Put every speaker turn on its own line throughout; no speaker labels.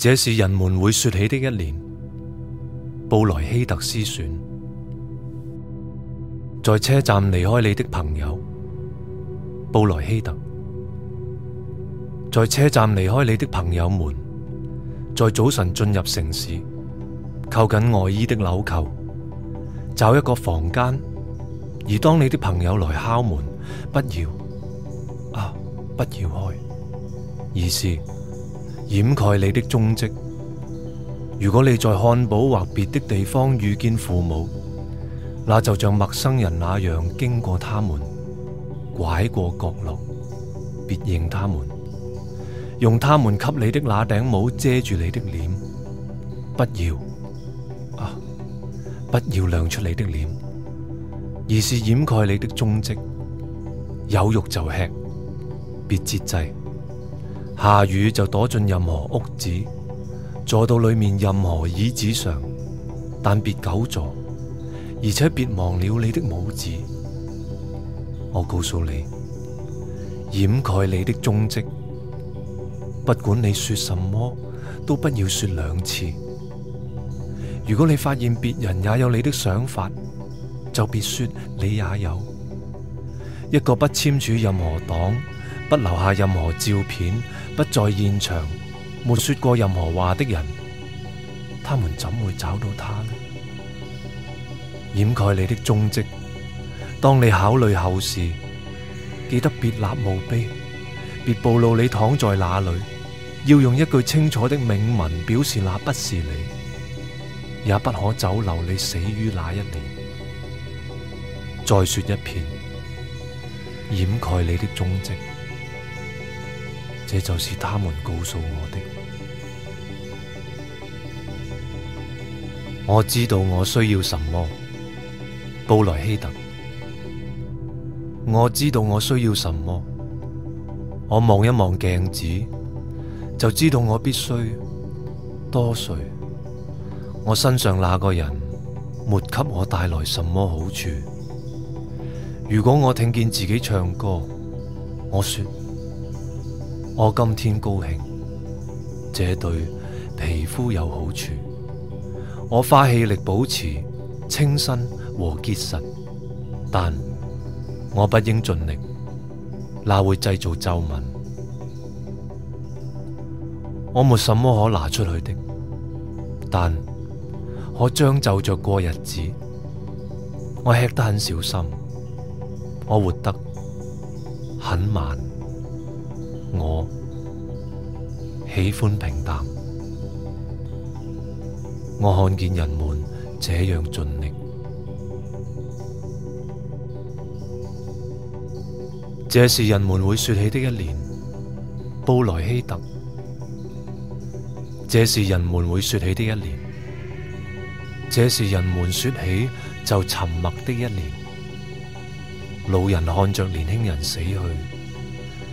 這是人們會說起的一年，布萊希特詩選。在車站離開你的朋友，布萊希特。在車站離開你的朋友們，在早晨進入城市，扣緊外衣的紐扣，找一個房間。而當你的朋友來敲門，不要啊，不要開，而是。掩蓋你的蹤跡。如果你在漢堡或別的地方遇見父母，那就像陌生人那樣經過他們，拐過角落，別認他們，用他們給你的那頂帽遮住你的臉，不要啊，不要亮出你的臉，而是掩蓋你的蹤跡。有肉就吃，別節制。下雨就躲進任何屋子，坐到裏面任何椅子上，但別久坐，而且別忘了你的帽子。我告訴你，掩蓋你的蹤跡，不管你說什麼，都不要說兩次。如果你發現別人也有你的想法，就別說你也有。一個不簽署任何黨，不留下任何照片。不在現場，沒說過任何話的人，他們怎會找到他呢？掩蓋你的蹤跡，當你考慮後事，記得別立墓碑，別暴露你躺在那裏，要用一句清楚的銘文表示那不是你，也不可走漏你死於哪一年。再說一遍，掩蓋你的蹤跡。這就是他們告訴我的。我知道我需要什麼，布萊希特。我知道我需要什麼。我望一望鏡子，就知道我必須多睡。我身上那個人，沒給我帶來什麼好處。如果我聽見自己唱歌，我說。我今天高興，這對皮膚有好處。我花氣力保持清新和結實，但我不應盡力，那會製造皺紋。我沒什麼可拿出去的，但我將就着過日子。我吃得很小心，我活得很慢。我喜歡平淡。我看見人們這樣盡力。這是人們會說起的一年，布萊希特。這是人們會說起的一年。這是人們說起就沉默的一年。老人看着年輕人死去。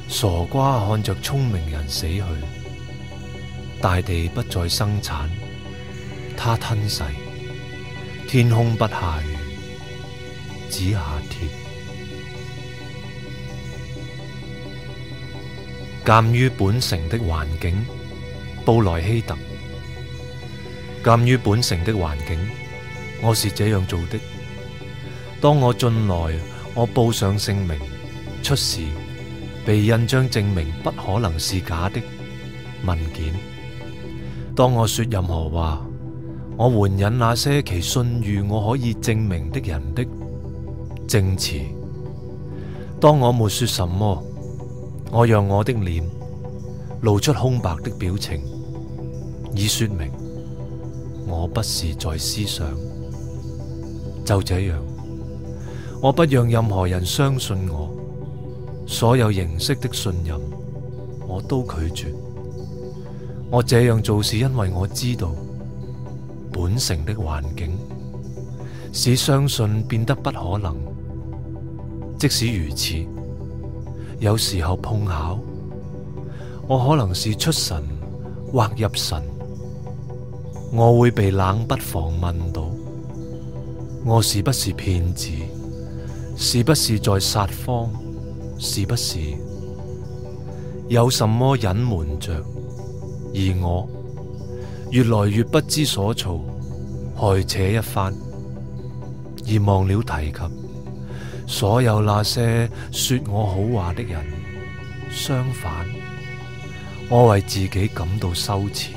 傻瓜看着聰明人死去，大地不再生產，它吞噬，天空不下雨，只下鐵。鑒於本城的環境，布萊希特。鑒於本城的環境，我是這樣做的。當我進來，我報上姓名，出示。被印章證明不可能是假的文件。當我說任何話，我援引那些其信譽我可以證明的人的證詞。當我沒說什麼，我讓我的臉露出空白的表情，以說明我不是在思想。就這樣，我不讓任何人相信我。所有形式的信任，我都拒絕。我這樣做是因為我知道本城的環境使相信變得不可能。即使如此，有時候碰巧，我可能是出神或入神，我會被冷不防問到：我是不是騙子？是不是在撒謊？是不是有什麼隱瞞着？而我越來越不知所措，害且一番，而忘了提及所有那些說我好話的人。相反，我為自己感到羞恥。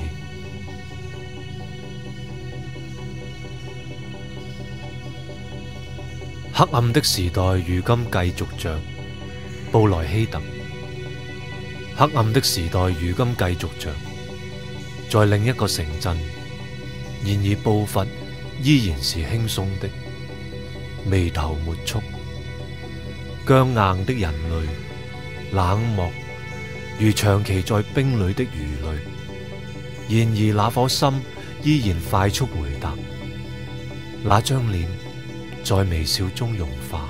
黑暗的時代，如今繼續着。布萊希特，黑暗的時代如今繼續着，在另一個城鎮，然而步伐依然是輕鬆的，眉頭沒蹙，僵硬的人類冷漠，如長期在冰裏的魚類，然而那顆心依然快速回答，那張臉在微笑中融化。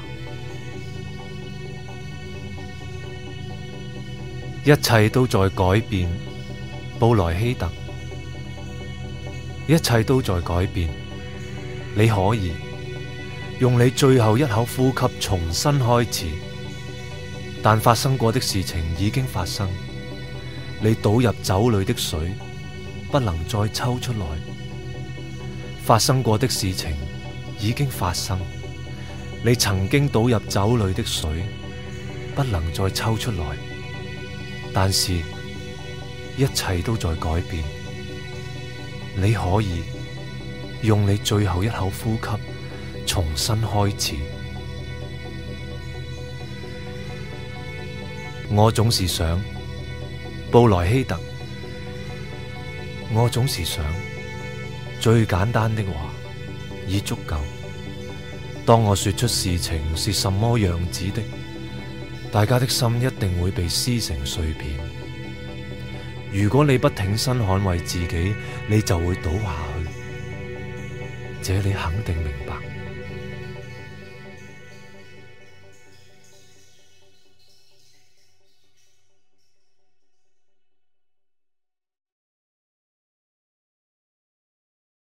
一切都在改變，布萊希特。一切都在改變。你可以用你最後一口呼吸重新開始，但發生過的事情已經發生。你倒入酒裏的水不能再抽出來。發生過的事情已經發生。你曾經倒入酒裏的水不能再抽出來。但是一切都在改變。你可以用你最後一口呼吸，重新開始。我總是想，布萊希特。我總是想最簡單的話已足夠。當我說出事情是什麼樣子的。大家的心一定會被撕成碎片。如果你不挺身捍衞自己，你就會倒下去。這你肯定明白。